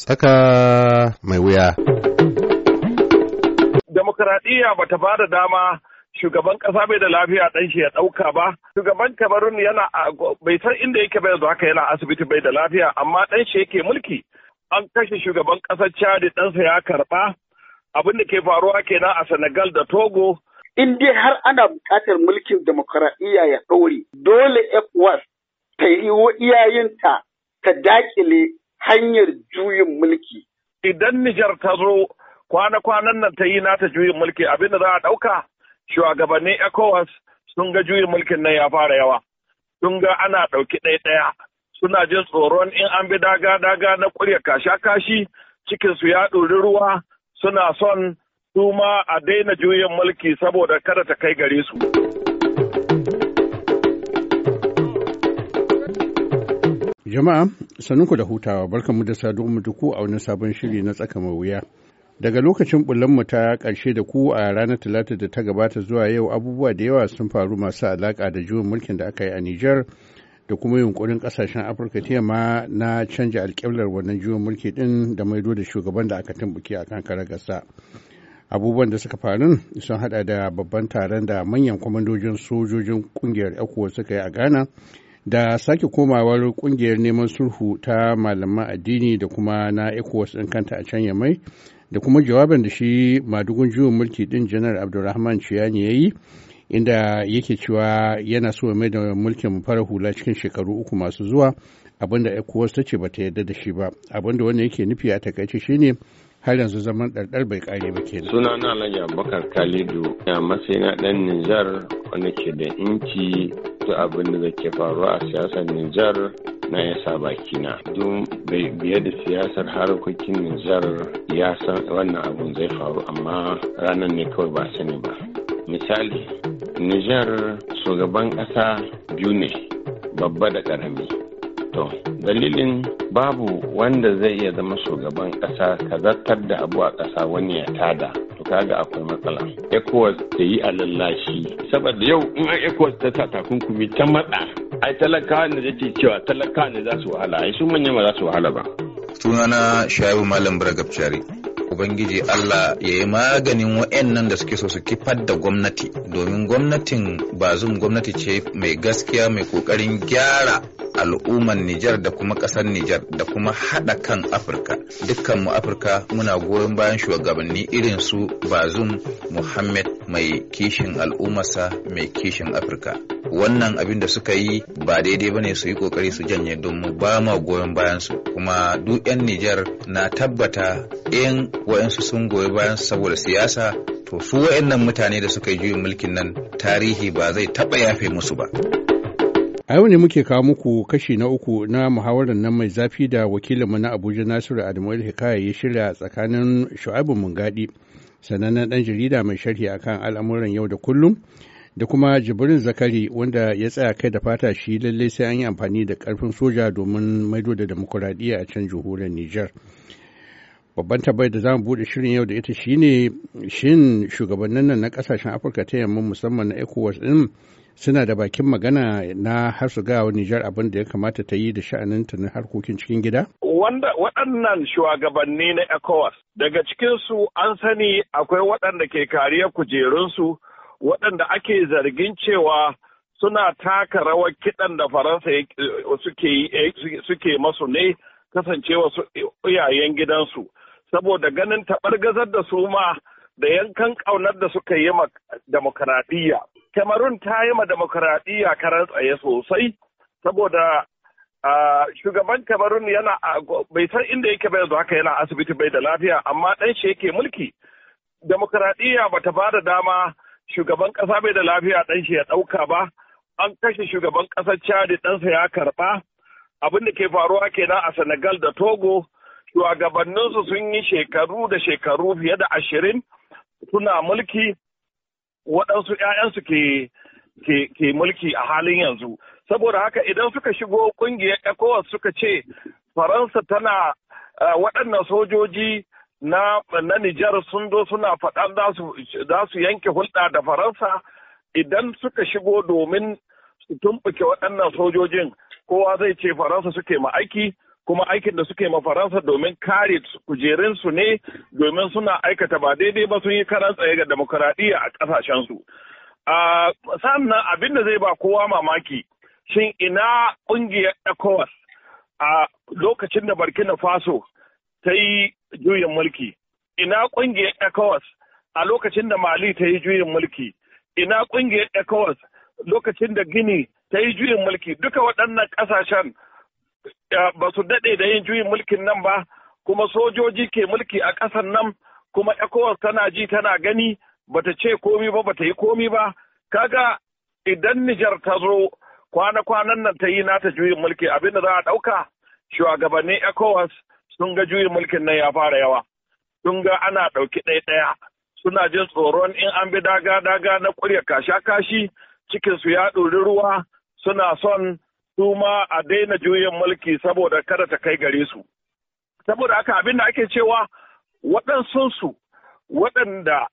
Saka mai wuya. Demokaradiyya ba ta ba da dama shugaban ƙasa bai da lafiya dan shi ya ɗauka ba shugaban kamarun yana bai san inda yake bai zuwa haka yana asibiti bai da lafiya amma dan shi yake mulki an kashe shugaban kasar chad ɗansa ya karba abin da ke faruwa kenan a senegal da togo in dai har ana buƙatar mulkin demokaradiyya ya ɗore dole ecowas ta yi iyayenta ta dakile hanyar juyin mulki. Idan Nijar ta zo kwana-kwanan nan ta yi nata juyin mulki abinda za a ɗauka shugabannin ECOWAS sun ga juyin mulkin nan ya fara yawa. Sun ga ana ɗauki ɗaya-ɗaya suna jin tsoron in an bi daga-daga na ƙurya kasha-kashi cikinsu ya ɗori ruwa suna son su ma a daina juyin mulki saboda kada ta kai gare su. Jama'a, sanunku da hutawa, barkanmu da saduwa da ku a wani sabon shiri na tsaka mai wuya. Daga lokacin mu ta ƙarshe da ku a ranar Talata da ta gabata zuwa yau abubuwa da yawa sun faru masu alaƙa da juyin mulkin da aka yi a Nijar da kuma yunkurin ƙasashen Afirka ta yamma na canja alƙiblar wannan juyin mulki ɗin da maido da shugaban da aka tumbuke a kan kare ƙasa. abubuwan da suka faru sun hada da babban taron da manyan kwamandojin sojojin kungiyar ecowas suka yi a ghana da sake komawar kungiyar neman sulhu ta malaman addini da kuma na ecowas ɗin kanta a can yamai da kuma jawabin da shi madugun juyin mulki ɗin janar abdulrahman ciyani ya yi inda yake cewa yana so mai da mulkin fara hula cikin shekaru uku masu zuwa abinda ecowas ta ce bata yarda da shi ba abinda wannan yake nufi a takaice shine har yanzu zaman ɗarɗar bai ƙare ba ke suna na alhaji abubakar ya a na ɗan nijar wanda ke da inci duk abin da ke faruwa a siyasar nijar na ya sa baki na don biye da siyasar harkokin nijar ya san wannan abun zai faru amma ranar ne kawai ba sani ba misali nijar shugaban ƙasa biyu ne babba da ƙarami To, dalilin babu wanda zai iya zama shugaban ƙasa ka zartar da abu a ƙasa wani ya tada. To kaga akwai matsala. ECOWAS ta yi a lallashi. Saboda yau in ECOWAS ta sa takunkumi ta matsa. Ai talakawa ne zai cewa talakawa ne za su wahala. Ai su manya ba za su wahala ba. Sunana shayu Malam Baragabciyari. Ubangiji Allah ya yi maganin wa'annan da suke so su kifar da gwamnati domin gwamnatin bazum gwamnati ce mai gaskiya mai kokarin gyara al'umman Nijar da kuma ƙasar Nijar da kuma haɗa kan Afirka. Dukkanmu Afirka muna goyon bayan shugabanni irin su Bazum Muhammad mai kishin al'ummarsa mai kishin Afirka. Wannan abin da suka yi ba daidai bane su yi kokari su janye don mu ba ma goyon bayansu kuma duk 'yan Nijar na tabbata 'yan wa'yansu sun goyi bayan saboda siyasa to su wayannan mutane da suka yi juyin mulkin nan tarihi ba zai taɓa yafe musu ba. A yau ne muke kawo muku kashi na uku na muhawarar nan mai zafi da wakilinmu na Abuja Nasiru Adamu Hikaya ya shirya tsakanin shu'aibu Mungadi, sanannen ɗan jarida mai sharhi akan al'amuran yau da kullum, da kuma Jibrin Zakari wanda ya tsaya kai da fata shi lallai sai an yi amfani da ƙarfin soja domin maido da demokuraɗiyya a can jihohin Nijar. babban tabbai da za mu bude shirin yau da ita shine shin shugabannin nan na kasashen afirka ta yamma musamman na ecowas din suna da bakin magana na har su gawa nijar abin da ya kamata ta yi da sha'aninta na harkokin cikin gida wanda waɗannan shugabanni na ecowas daga cikin su an sani akwai waɗanda ke kariya su waɗanda ake zargin cewa suna taka rawar kiɗan da faransa eh, suke masu ne kasancewa iyayen gidansu saboda ganin taɓar gazar da su ma da yankan ƙaunar da suka yi ma demokaradiyya. Cameroon ta yi ma demokaradiyya karan tsaye sosai saboda shugaban Cameroon yana bai san inda yake bai yanzu haka yana asibiti bai da lafiya amma ɗan shi yake mulki. Demokaradiyya ba ta bada dama shugaban ƙasa bai da lafiya ɗan shi ya ɗauka ba. An kashe shugaban ƙasar Chad ɗansa ya karɓa. Abin da ke faruwa kenan a Senegal da Togo. shugabanninsu sun yi shekaru da shekaru fiye da ashirin suna mulki waɗansu 'ya'yansu ke mulki a halin yanzu saboda haka idan suka shigo ƙungiyar ecowas suka ce faransa tana waɗannan sojoji na Nijar sun zo suna faɗan za su yanke hulɗa da faransa idan suka shigo domin su tumɓuke waɗannan sojojin kowa zai ce faransa suke aiki. kuma aikin da suke ma faransa domin kare kujerinsu ne domin suna aikata ba daidai ba sun yi karan tsaye ga demokuraɗiyya a ƙasashensu sannan abin da zai ba kowa mamaki shin ina ƙungiyar ecowas a lokacin da burkina faso ta yi juyin mulki ina ƙungiyar ecowas a lokacin da mali ta yi juyin mulki ina ƙungiyar ecowas lokacin da gini ta yi juyin mulki duka waɗannan ƙasashen ba su daɗe da yin juyin mulkin nan ba kuma sojoji ke mulki a ƙasar nan kuma ECOWAS tana ji tana gani bata ce komi ba bata yi komi ba kaga idan Nijar ta zo kwana-kwanan nan ta yi nata juyin mulki abin da za a ɗauka shugabannin ECOWAS sun ga juyin mulkin nan ya fara yawa sun ga ana ɗauki ɗaya-ɗaya suna jin tsoron in an bi daga-daga na kurya kasha-kashi cikinsu ya ɗori ruwa suna son su ma a daina juyin mulki saboda kada ta kai gare su. Saboda aka abin da ake cewa su waɗanda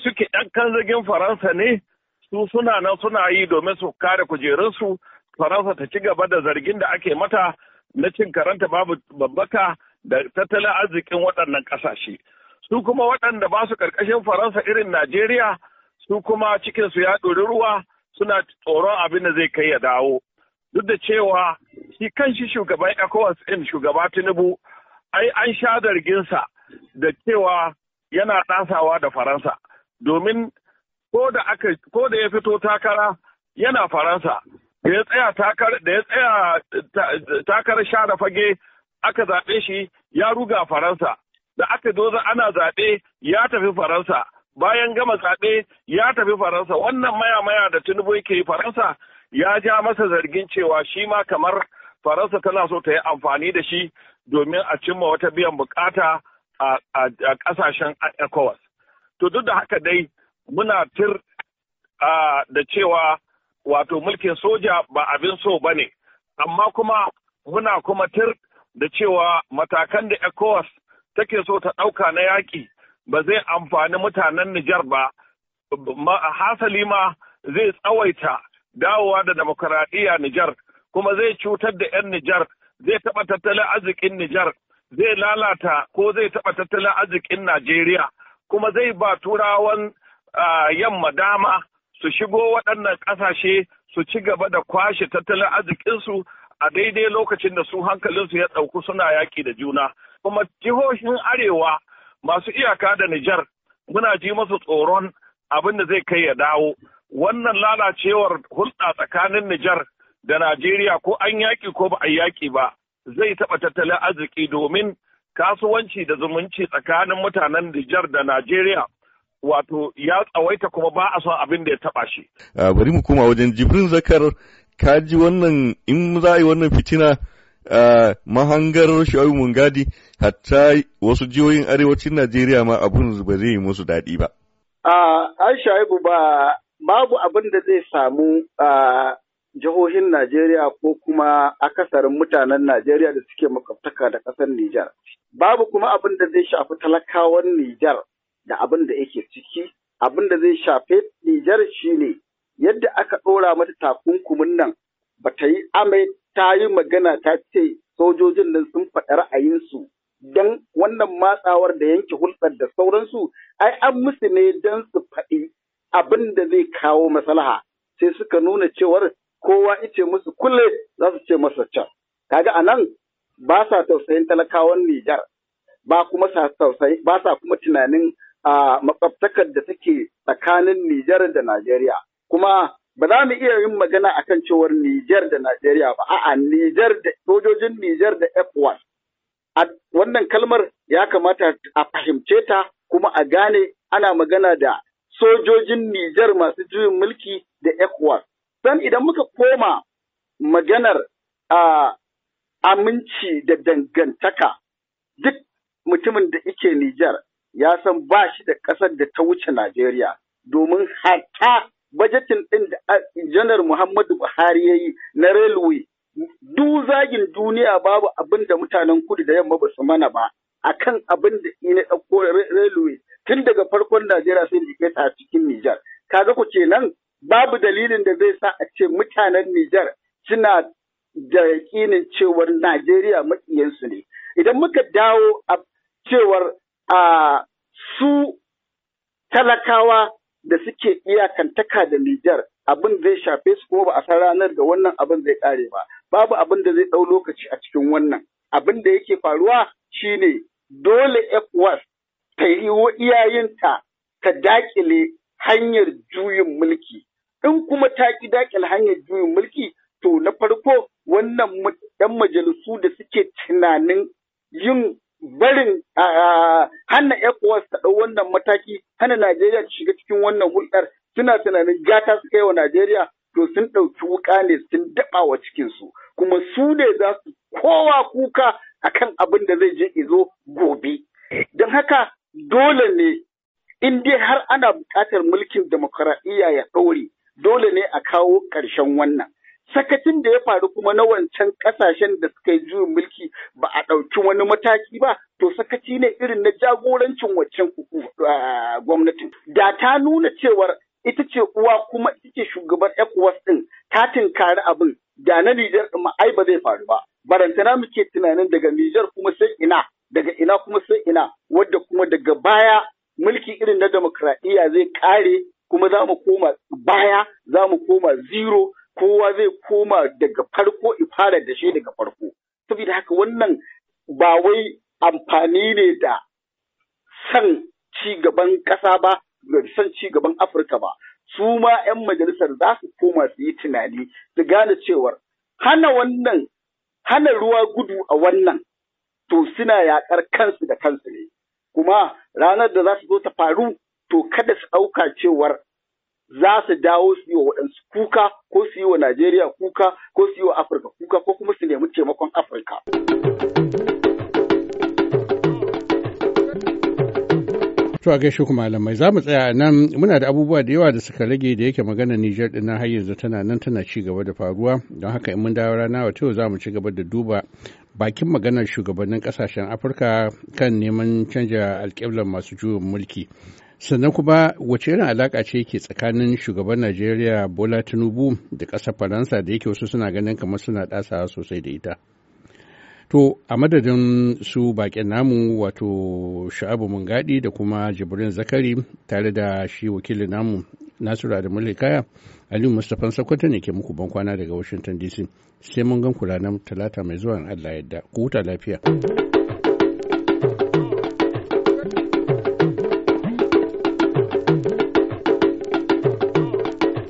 suke ɗan kanzagin Faransa ne su suna nan suna yi domin su kare kujerunsu Faransa ta ci gaba da zargin da ake mata na cin karanta babu babbaka da tattalin arzikin waɗannan ƙasashe. Su kuma waɗanda ba su ƙarƙashin Faransa irin Najeriya su kuma cikinsu ya ɗori ruwa suna tsoron abin da zai kai ya dawo. duk da cewa shi kan shi shugaban ECOWAS ɗin shugaba Tinubu ai an sha zarginsa da cewa yana ɗasawa da Faransa domin ko da ya fito takara yana Faransa da ya tsaya takarar da ya share fage aka zaɓe shi ya ruga Faransa da aka doza ana zaɓe ya tafi Faransa bayan gama zaɓe ya tafi Faransa wannan maya maya da Tinubu yake yi Faransa ya ja masa zargin cewa shi ma kamar faransa tana so ta yi amfani da shi domin a cimma wata biyan bukata a kasashen ecowas to duk da haka dai muna tir da cewa wato mulkin soja ba abin so ba ne amma kuma muna kuma tir da cewa matakan da ecowas take so ta ɗauka na yaƙi ba zai amfani mutanen nijar ba hasali ma zai tsawaita dawowa da demokaradiyya Nijar kuma zai cutar da 'yan Nijar zai taɓa tattalin arzikin Nijar zai lalata ko zai taɓa tattalin arzikin Najeriya kuma zai ba turawan yamma dama su shigo waɗannan ƙasashe su ci gaba da kwashe tattalin arzikinsu a daidai lokacin da su hankalinsu ya ɗauku suna yaƙi da juna. Kuma jihohin Arewa masu iyaka da Nijar muna ji masu tsoron abin da zai kai ya dawo. wannan lalacewar hulɗa tsakanin Nijar da Najeriya ko an yaƙi ko ba a yaƙi ba zai taɓa tattalin arziki domin kasuwanci da zumunci tsakanin mutanen Nijar da Najeriya wato ya tsawaita kuma ba a son abin da ya taɓa shi. Bari mu koma wajen Jibrin Zakar kaji ji wannan in za a yi wannan fitina mahangar Shu'aibu Mungadi hatta wasu jihohin arewacin Najeriya ma abun ba zai yi musu daɗi ba. A Shu'aibu ba babu abin da zai samu a jihohin Najeriya ko kuma akasarin mutanen Najeriya da suke makwabtaka da ƙasar Nijar. Babu kuma abin da zai shafi talakawan Nijar da abin da yake ciki. Abin da zai shafe Nijar ne yadda aka ɗora mata takunkumin nan ba ta yi amai ta yi magana ta ce sojojin nan sun faɗi ra'ayinsu don wannan matsawar da yanke hulɗar da sauransu ai an musu ne don su faɗi abin da zai kawo masalaha sai suka nuna cewar kowa ice musu kulle za su ce masa can kaga nan ba sa tausayin talakawan Nijar ba kuma sa ba sa kuma tunanin a makwabtakar da take tsakanin Nijar da Najeriya kuma ba za mu iya yin magana a kan cewar Nijar da Najeriya ba a'a Nijar da sojojin Nijar da F1 wannan kalmar ya kamata a fahimce ta kuma a gane ana magana da sojojin Nijar masu juyin mulki da ECOWAS. San idan muka koma maganar a aminci da dangantaka duk mutumin da ike Nijar ya san ba shi da ƙasar da ta wuce Najeriya domin hata bajetin ɗin da janar Muhammadu Buhari ya yi na railway duk zagin duniya babu abin da mutanen kudu da yamma ba su mana ba akan abin da ina ɗauko railway tun daga farkon Najeriya sai da kai a cikin Nijar kaga ku ce nan, babu dalilin da zai sa a ce mutanen Nijar suna da yakinin cewar Najeriya maƙiyansu ne idan muka dawo a cewar a su talakawa da suke iyakantaka da Nijar abin zai shafe su kuma ba a san ranar da wannan abin zai kare ba babu abin da zai ɗau lokaci a cikin wannan abin da yake faruwa shine dole ECOWAS ta yi wa iyayenta ta dakile hanyar juyin mulki. In kuma ta ki dakile hanyar juyin mulki, to na farko wannan ɗan majalisu da suke tunanin yin barin hana ECOWAS ta ɗau wannan mataki, hana Najeriya ta shiga cikin wannan hulɗar suna tunanin gata suka yi wa Najeriya to sun ɗauki wuƙa ne sun daɓa wa cikinsu kuma su ne za su kowa kuka akan abin da zai je izo gobe. Don haka dole ne in dai har ana buƙatar mulkin demokaraɗiyya ya ɗore dole ne a kawo ƙarshen wannan. Sakacin da ya faru kuma na wancan ƙasashen da suka yi juyin mulki ba a ɗauki wani mataki ba, to sakaci ne irin na jagorancin waccan gwamnatin. Da ta nuna cewar ita ce uwa kuma ita ce shugabar ECOWAS ɗin ta tinkari abin da na Nijar ɗin ai ba zai faru ba. Barantana muke tunanin daga Nijar kuma sai ina, daga ina kuma sai ina, wadda kuma daga baya mulki irin na demokradiyya zai kare kuma za mu koma baya za mu koma zero kowa zai koma daga farko fara da shi daga farko saboda haka wannan ba wai amfani ne da san ci gaban ƙasa ba da san ci gaban afirka ba su ma 'yan majalisar za su koma su yi tunani su gane cewar hana wannan hana ruwa gudu a wannan to suna yaƙar kansu da kansu ne kuma ranar da za su zo ta faru to kada su ɗauka cewar za su dawo su yi wa waɗansu kuka ko su yi wa Najeriya kuka ko su yi wa Afirka kuka ko kuma su nemi taimakon Afirka. To a gaishe kuma malamai za mu tsaya nan muna da abubuwa da yawa da suka rage da yake magana Nijar ɗin har yanzu tana nan tana ci gaba da faruwa don haka in mun dawo rana wa za mu ci gaba da duba bakin maganar shugabannin kasashen afirka kan neman canja alkiblar masu juyin mulki sannan kuma wace irin alaka ce ke tsakanin shugaban najeriya bola tinubu da ƙasar faransa da yake wasu suna ganin kamar suna ɗasawa sosai da ita To a madadin su baƙin namu wato sha'abu mun mungadi da kuma jibrin zakari tare da shi wakilin namu nasiru da kaya aliyu mustapha sakwato ne ke muku bankwana daga washington dc sai mun gan kula na talata mai zuwa allah yadda ku huta lafiya.